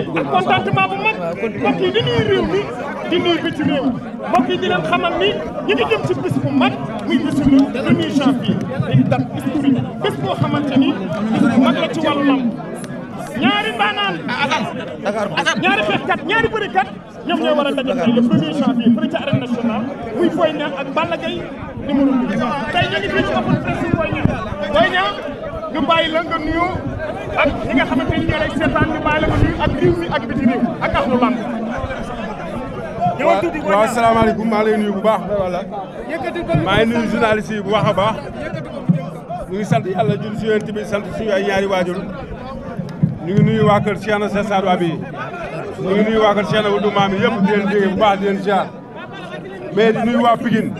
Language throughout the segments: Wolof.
ak contentement bu mag mbokk yi di nuyu réew mi di nuyu bitim réew di leen xamal ni ñu ngi jëm ci bis mag muy bisu le premier janvier di date historique bés boo xamante ni bis bu mag la ci wàllu lamb ñaari mbaanaan ñaari xeexkat ñaari bërekat ñoom ñoo war a daje tey le premier janvier ci arène muy Boy Niang ak Balla Gaye numéro bi tey ñu ngi fii ci open presse Boy Niang Boy Niang ñu bàyyi la nga nuyoo ak ñi nga xamante ni ñoo lay seetaan ñu bàyyi la nga nuyu ak réew mi ak biti réew maa lay nuyu bu baax wala maa ngi nuyu journaliste yi bu baax a baax ñu ngi sant yàlla jul si yonent bi sant suñu ay ñaari waajur ñu ngi nuyu wa kër Cheikhna Cheikh Sadou Abi ñu ngi nuyu waa kër Cheikhna Oudou Mami yëpp di leen déggee bu baax di leen ziar mais di nuyu waa Pikine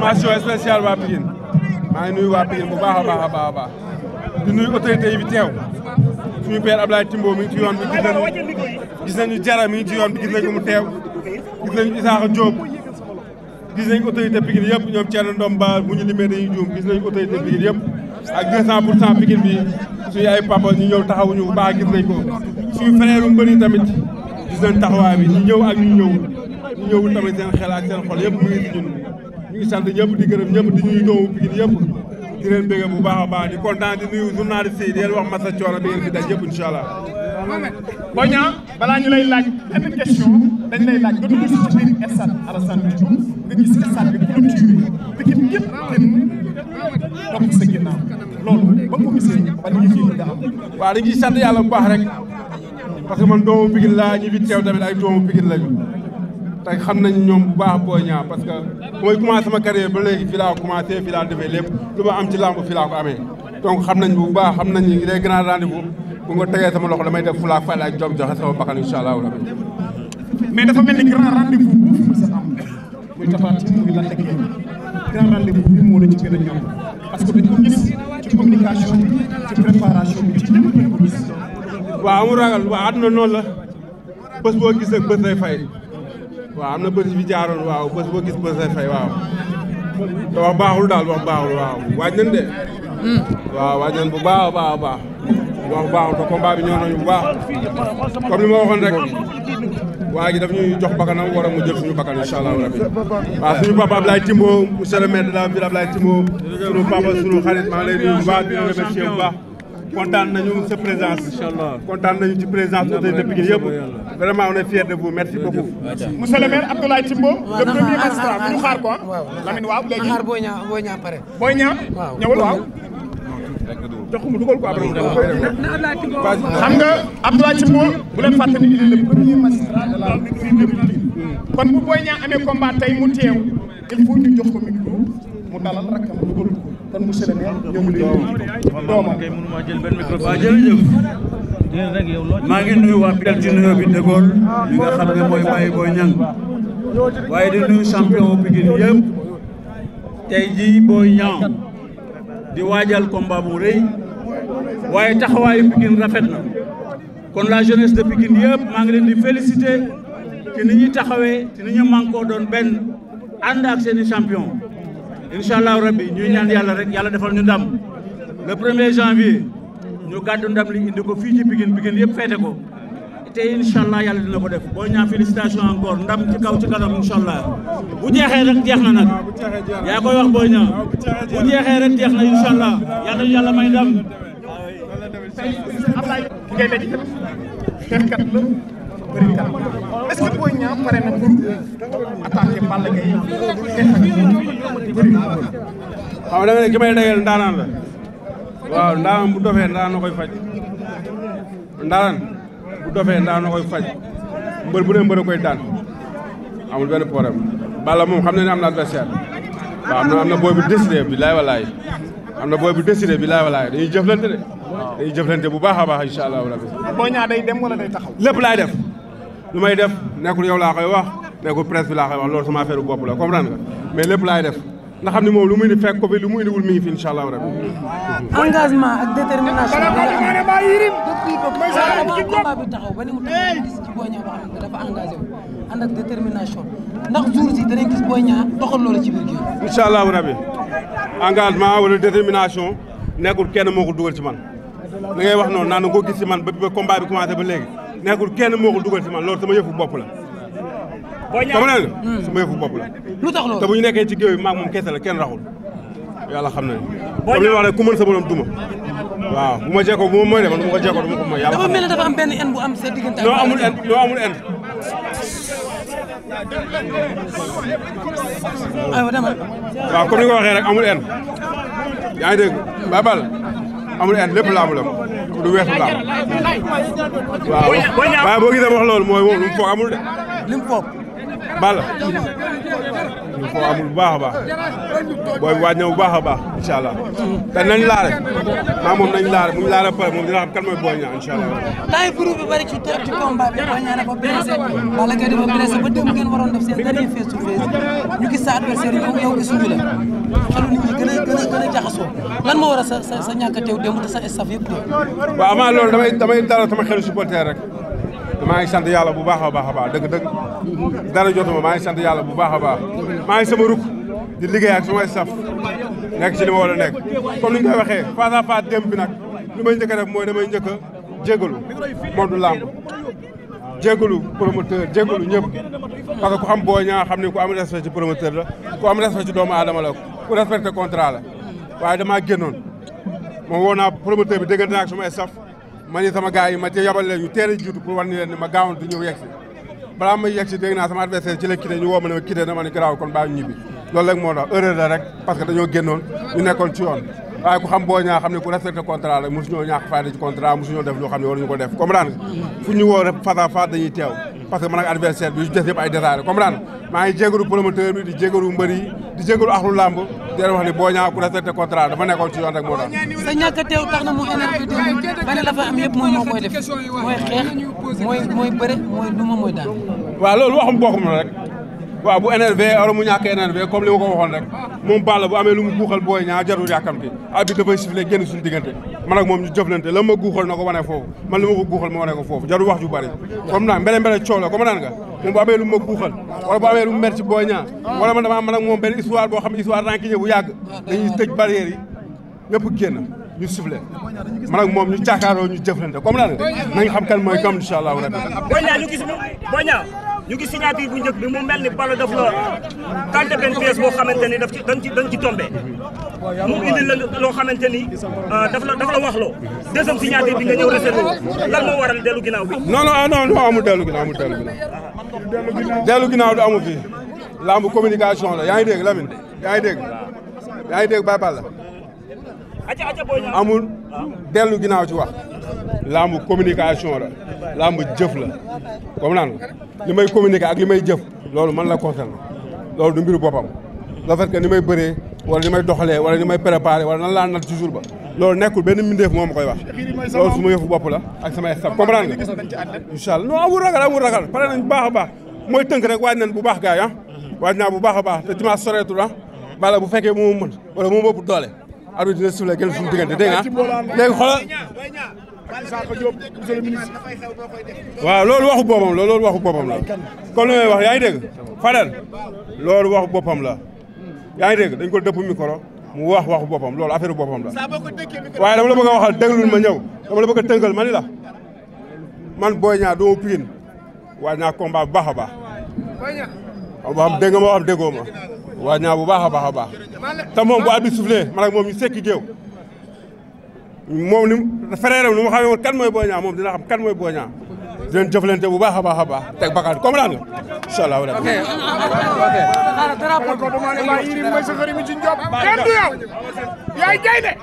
mention spéciale waa Pikine maa ngi nuyu waa Pikine bu baax a baax a baax a baax di nuyu autorité yi bi teew suñu père Abdoulaye Timbo mi ngi ci yoon bi gis nañu gis nañu jara mi ngi ci yoon bi gis nañu mu teew gis nañu Isaaxa Diop gis nañu autorité Pikine yëpp ñoom Thierno Ndom Ba bu ñu limee dañuy gis nañu autorité Pikine yëpp ak cent bi suñu ay papa ñu ñëw taxawuñu bu baax gis ko suñu frère yu bëri tamit gis nañ taxawaay bi ñu ñëw ak ñu ñëw ñu ñëwul tamit seen xel ak seen xol yëpp mu ngi ci ñu ngi sant ñëpp di gërëm ñëpp di ñuy doomu Pikine yëpp di leen bëgg bu baax a di kontaan di nuyu journaliste di leen wax masa coono bi ngeen fi daj yëpp incha allah. boo ñu lay laaj benn ba dugg ci biir stade Alassane Diouf nga gis stade bi clôturé Pikine yëpp sa ginnaaw loolu ba mu gisee ba ñu ngi nga am. waaw dañuy sant yàlla bu rek parce man doomu Pikine laa ñu teew tamit ay doomu Pikine lañu. te xam nañu ñoom bu baax Boy Niang parce que mooy commencé sama carrière ba léegi fi laa commencé fi laa defee lépp lu ma am ci làmb fi laa ko amee donc xam nañ bu baax xam nañ les grands rendez-vous bu nga tegee sama loxo damay def fulaak fay ak jom joxe sama bakkan incha allahu rabbi mais dafa mel ni grand ni vous boobu mos a am muy Tapha Tine muy Lac de Guiers grand rendez-vous bi moo ci gën ñoom parce que dañ ko ci communication bi ci préparation bi ci lépp dañ ko la bés boo gis ak bés day waaw am na yi bi jaaroon waaw bés boo gis bés lay waaw. te wax baaxul daal wax baaxul waaw waaj nañ de. Hmm. waaw waaj nañ bu baax a baax a baax. wax baaxul te combat bi ñëw bu baax comme li ma waxoon rek waa ji daf ñuy jox bakkanam war mu jël suñu bakkan incha rabi waaw suñu papa Abdoulaye Timbo monsieur le maire de la ville Abdoulaye Timbo suñu papa suñu xarit maa ngi lay nuyu bu baax di remercier kontaan nañu sa présence. incha allah kontaan nañu ci présence autorité Pikine yëpp. vraiment on est fiers de vous merci beaucoup. monsieur le maire Abdoulaye Timbo. le premier magistrat bu ñu xaar quoi. Ah. Lamine waaw léegi xaar boo ñaa boo ñaa pare. boo ñaa ñëwal waaw. joxuma dugal ko après. xam nga Abdoulaye Timbo bu leen fàtte ni il est le premier magistrat de la kon bu booy ñaa amee combat tey mu teew il faut ñu jox ko micro mu dalal rakam dugal ko. kon monsieur le maire ñoo ngi maa ngi nuyu waa Bidal ci nuyoo bi déggoon li nga xam ne mooy Baye Boy waaye di nuyu champion Pikine yëpp tey ji Boy Niang di waajal combat bu rëy waaye taxawaayu Pikine rafet na kon la jeunesse de Pikine yëpp maa ngi leen di féliciter ci ni ñuy taxawee ci ni ñu mànkoo doon benn ànd ak seeni incha allahu rabbi ñuy ñaan yàlla rek yàlla defal ñu ndam le premier janvier ñu gàddu ndam li indi ko fii ci Pikine Pikine yëpp feete ko te incha yàlla dina ko def boo ñaan félicitation encore ndam ci kaw ci kanam incha allah bu jeexee rek jeex na nag yaa koy wax boo ñaan bu jeexee rek jeex na incha allah yàlla yàlla may ndam. bëri kanam est-ce que pare na pour attaquer Balla Gaye waaw da nga ne ki may dajeel ndaanaan la waaw ndaanaan bu dofee ndaanaan na koy faj ndaanaan bu dofee ndaanaan na koy faj mbër bu dee mbër koy daan amul benn problème Balla xam na ne am na adversaire waaw am na am na booy bu décidé bilaay walaay am na booy bu décidé bilaay walaay dañuy jëflante de dañuy jëflante bu baax a baax incha allah rabbi. Boy Niang day dem wala day taxaw. lépp laay def. lu may def nekkul yow laa koy wax nekkul presse bi laa koy wax loolu sama affaire bopp la ko nga mais lépp laay def nga xam ni moom lu mu indi fekk ko lu mu indiwul mi ngi fi incha allah rabbi. engagement ak détermination bi nga xam ne ba ni mu ci Boy Niang dafa engagé wu ànd ndax jour si danañ gis Boy Niang doxal loola ci biir géew. incha allah rabbi wala détermination nekkul kenn moo ko dugal ci man li ngay wax noon naan nga ko gis ci man ba combat bi ba léegi. nekkul kenn moo ko dugal ci man loolu ma yëfu bopp la. boo ñaax sama lenn sama yëfu hmm. la. lu tax loolu bu ñu nekkee ci géew bi maag moom kese la kenn raxul yàlla xam na ne. boo ñaax wax sa borom duma. waaw bu ma jekkoo bu ma mooy de man bu ma ko jekkoo du ma ko mooy. yàlla xam na sa noo amul en noo amul en. aywa dama. waaw comme ni nga ko waxee amul en. yaa ngi dégg. amul en lépp laamu du weesu làmb waaw waaye boo gisee wax loolu mooy moom lu mu foog amul de. li mu foog. combat la ñu amul bu baax a baax booy waaj na bu baax a baax incha allah te nañ laare maa moom nañ laare muñ laare pare moom dina xam kan mooy booy ñaa incha allah temps yi groupe bi bëri ci ci combat bi booy ñaa dafa blessé wala kay dafa blessé ba démb ngeen waroon def ñu gis sa adversaire yow yow gisuñu la xelu ñi gën a gën a gën a jaxasoo moo war a sa sa ñàkk a teew sa staff yëpp teew waaw amaa loolu damay damay dara sama xelu supporter rek maa ngi sant yàlla bu baax a baax a baax dëgg dëgg dara jotuma maa ngi sant yàlla bu baax a baax maa ngi sama di liggéey ak sumay nekk ci li ma war a nekk comme ni ñu koy waxee face à bi nag li may njëkk a mooy damay njëkka a jégalu du Lamb jégalu promoteur jégalu ñëpp parce que ku xam booy ñaa xam ne ku am respect ci promoteur la ku am respect ci doomu aadama la ku respecté contrat la waaye dama génnoon moom woo naa promoteur bi dégg naa ak ma sama gars yi ma yabal leen ñu teel a jiitu pour ma gaawoon du ñëw yegg si balaa ma yegg si dégg naa sama adversaire ci la ñu woo ne ma quitté na ma garaaw kon baa ñu ñibbi loolu rek moo tax erreur rek parce que dañoo génnoon ñu nekkoon ci yoon ku xam boo ñaa xam ne ku respecté contrat la mosuñoo def loo xam ne waruñu ko def comprendre nga fu ñu woo rek face à teew parce que man ak adversaire bi ñu def yëpp ay détails comprendre maa ngi jégalu di jégalu axlu làmb di leen wax ni boo ñaa ku respecté contrat dama nekkoon ci yoon rek moo tax. sa ñàkk a teew tax na mu énergie démb ba ne la fa am yëpp mooy moo koy def mooy xeex mooy mooy bëre mooy duma mooy daal. waaw loolu waxum boppam la rek. waaw bu énervé wala mu ñàkk énervé comme li ma ko waxoon rek moom Balla bu amee lu mu guuxal booy ñaa jarul yàkkamti arbitre dafay sifflé génn suñu diggante man moom ñu jëflante la ma guuxal ko wane foofu man li ma ko guuxal ma wane ko foofu jarul wax ju bari comme naa mbele mbele coow la comme naan nga moom bu amee lu ma guuxal wala bu amee lu mu mer ñaa wala man dama man moom benn histoire boo xam ne histoire ranki bu yàgg dañuy tëj ñu sifflé man ak moom ñu jàkkaarloo ñu jëflante comme lan nañ xam kan mooy comme incha allahu rabbi. boo ñaa ñu gis boo ñaa ñu gis signature bu njëkk bi mu mel ni Balla daf la tànte benn pièce boo xamante ni daf ci loo xamante ni euh, daf la daf la wax loo deuxième signature bi nga ñëw réservé lan moo waral dellu ginnaaw bi. non non ah, non non amul dellu ginnaaw amul dellu ginnaaw. dellu ginnaaw du amul fii. lamb la yaa ngi la Lamine yaa ngi dégg yaa ngi dégg Baye la amul dellu ginnaaw ci wax làmb communication la làmb jëf la comme naan li may communiquer ak li may jëf loolu man la concerne loolu du mbiru boppam le fait que ni may bëree wala ni may doxalee wala ni may préparer wala nan laa nat toujours ba loolu nekkul benn mbindeef moo ma koy wax loolu su ma yëfu bopp la ak sama staff comprendre nga incha allah non amul ragal amul ragal pare nañ bu baax a baax mooy tënk rek waaj nan bu baax gars yi ah waaj naa bu baax a baax te dimanche soreetul ah bala bu fekkee moo mën wala moo ëpp doole arbitre dina suuf la gën suñu diggante dégg nga léegi xoolal waaw loolu waxu boppam la loolu waxu boppam la comme li may wax yaa ngi dégg Fadel loolu waxu boppam la yaa ngi dégg dañ ko dëpp micro mu wax waxu boppam loolu affaire boppam la waaye dama la bëgg a waxal déglul ma ñëw dama la bëgg a tënkal ma ni la man Boy Niang doo Pikine waaj naa combat bu baax a baax xam nga dégg nga wax déggoo ma waa ñaa bu baax a baax a baax te moom bu arbitre soufflé man moom ñu sekki géew moom ni frère am ni mu xamee woon kan mooy moom dina xam kan mooy Boy Niang di leen jëflante bu baax a baax baax teg bakkan comprendre nga incha maa yëri mooy sa mi ci Ndiob. kenn du yow yaay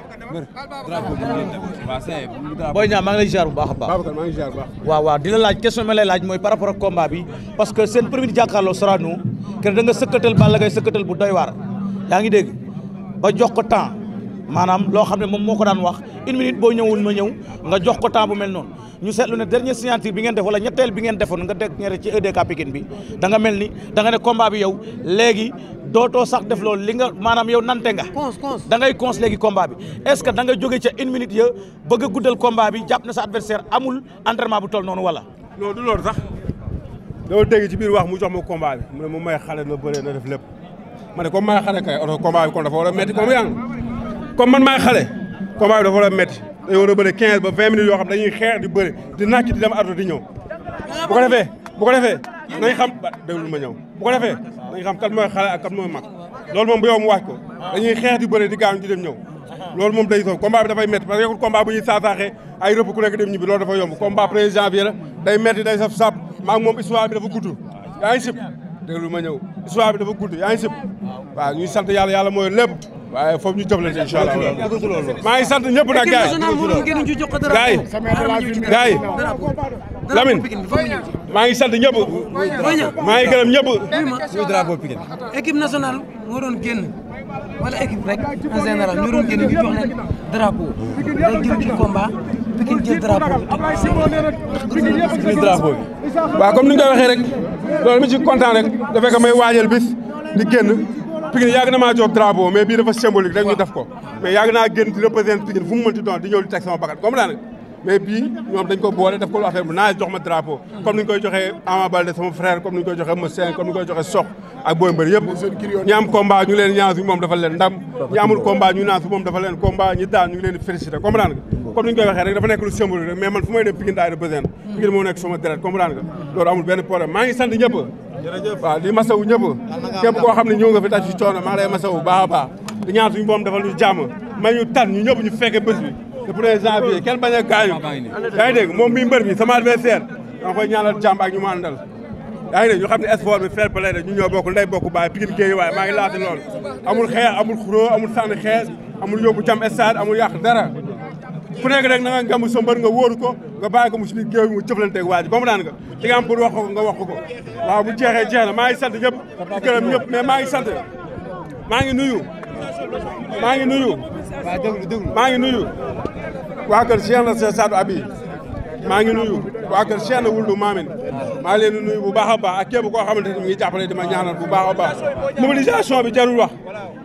Boy Niang maa ngi lay ziar bu baax a baax waaw waaw di la laaj question ma lay laaj mooy par rapport ak combat bi parce que seen premier jàkkaarloo Sorano kenn da nga sëkkatal Balla Gaye sëkkatal bu doy waar yaa ngi dégg ba jox ko temps maanaam loo xam ne moom moo ko daan wax une minute boo ñëwul ma ñëw nga jox ko temps bu mel noonu ñu seetlu ne dernier signature bi ngeen def wala ñetteel bi ngeen defoon nga dégg ñere ci EDK Pikine bi da nga mel ni da ne combat bi yow léegi dootoo sax def loolu li nga maanaam yow nante nga da ngay cons léegi combat bi est-ce que da nga jóge ca une minute ya bëgg bi jàpp na sa adversaire amul entraînement bu toll noonu wala non loolu sax doo dégg ci biir wax mu jox ma combat bi mu ne mu may xale na def lépp ma ne comme maay xale kay dafa war a métti comme yaa comme man maay xale combat bi dafa war a métti dañoo war a bëre 15 ba 20 minutes yoo xam dañuy xeex di bëre di nàcc di dem ardo di ñëw bu ko defee bu ko defee nañ xam déglu ma ñëw bu ko defee nañ xam kat mooy xale ak kat mooy mag loolu moom bu yow mu wàcc ko dañuy xeex di bëre di gaañ di dem ñëw loolu moom day soof combat bi dafay métti parce que yokkul combat bu ñuy saasaaxee ay rëpp ku nekk dem ñibbi loolu dafa yomb combat premier janvier la day métti day saf sap maa ngi moom histoire bi dafa gudd yaa ngi sib déglu ma ñëw histoire bi dafa gudd yaa ngi sib waaw sant yàlla yàlla mooy lépp waaye foofu ñu jëflante incha allah maa ngi sant ñëpp nag gars yi gars maa ngi sant ñëpp maa ngi gërëm ñëpp. muy drapeau équipe nationale moo doon génn wala équipe rek en général ñoo doon génn ñu jox leen drapeau. day ni nga ko waxee rek loolu mi ci kontaan rek dafay ko may waajal bis di génn. Pikine yàgg na maa jox drapeau mais bii dafa symbolique rek ñu def ko mais yàgg naa génn di représenté Pikine fu mu doon di ñëw di teg sama bakkat comme daanaka mais bii ñoom dañ ko boole def ko lu bu naa jox ma drapeau comme ni ñu koy Ama Baldé sama frère comme ni ñu koy joxee Moussen comme ni ñu koy joxee Sokh ak Boy Mbër yëpp ñi am combat ñu leen ñaan moom dafa leen ndam ñi amul combat ñu naan moom dafa leen combat ñi daan ñu leen di félicité comme daanaka comme ni ñu koy waxee rek dafa nekk lu symbolique rek mais man fu may dem Pikine daay da besoin mm. Pikine moo nekk sama deret comprendre nga loolu amul benn problème maa ngi sant ñëpp jërëjëf di masawu ñëpp képp koo xam ne ñëw nga fi taj si coono maa ngi lay masawu a baax di ñaan suñu boom defal ñu jàmm may ñu tan ñu ñëpp ñu fekk bés bi le premier janvier kenn bañ a gaañu yaa ngi moom mi mbër mi sama adversaire danga koy ñaanal jàmm ak ñu mu àndal yaa ngi dégg ñu xam ne sport bi fair play bokk nday bokk baay Pikine géej waaye maa ngi laati loolu amul xeex amul amul sànni xeex amul yóbbu jam stade ku nekk rek na nga ngemb nga wóoru ko nga bàyyi ko mu si biir géew bi mu jëflanteeg waa ji ba mu daan nga li nga am ko nga wax ko waaw bu jeexee jeex maa ngi sant ñëpp di gërëm ñëpp mais maa ngi sant maa ngi nuyu maa ngi nuyu maa ngi nuyu waa kër Cheikh na Cheikh Sadou Abi maa ngi nuyu waa kër Cheikh na Wuldu Maamin maa ngi leen di nuyu bu baax a baax ak képp koo xamante ni mu ngi jàppale di ma ñaanal bu baax a baax mobilisation bi jarul wax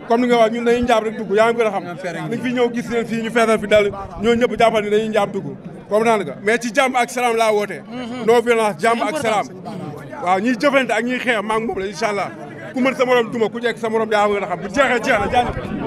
comme ni nga wax ñun dañuy njaab rek dugg yaa ngi gën a xam ni fi ñëw gis leen fii ñu feesal fi dal ñoo ñëpp jàppal ni dañuy njaab dugg comme naan nga mais ci jàmm ak salaam laa wootee mm-hmm. non violence jàmm ak salaam waaw ñiy jëfante ak ñiy xeex maa ngi moom la incha allah ku mën sa morom duma ku jekk sa morom yaa gën a xam bu jeexee jeex na jaajëf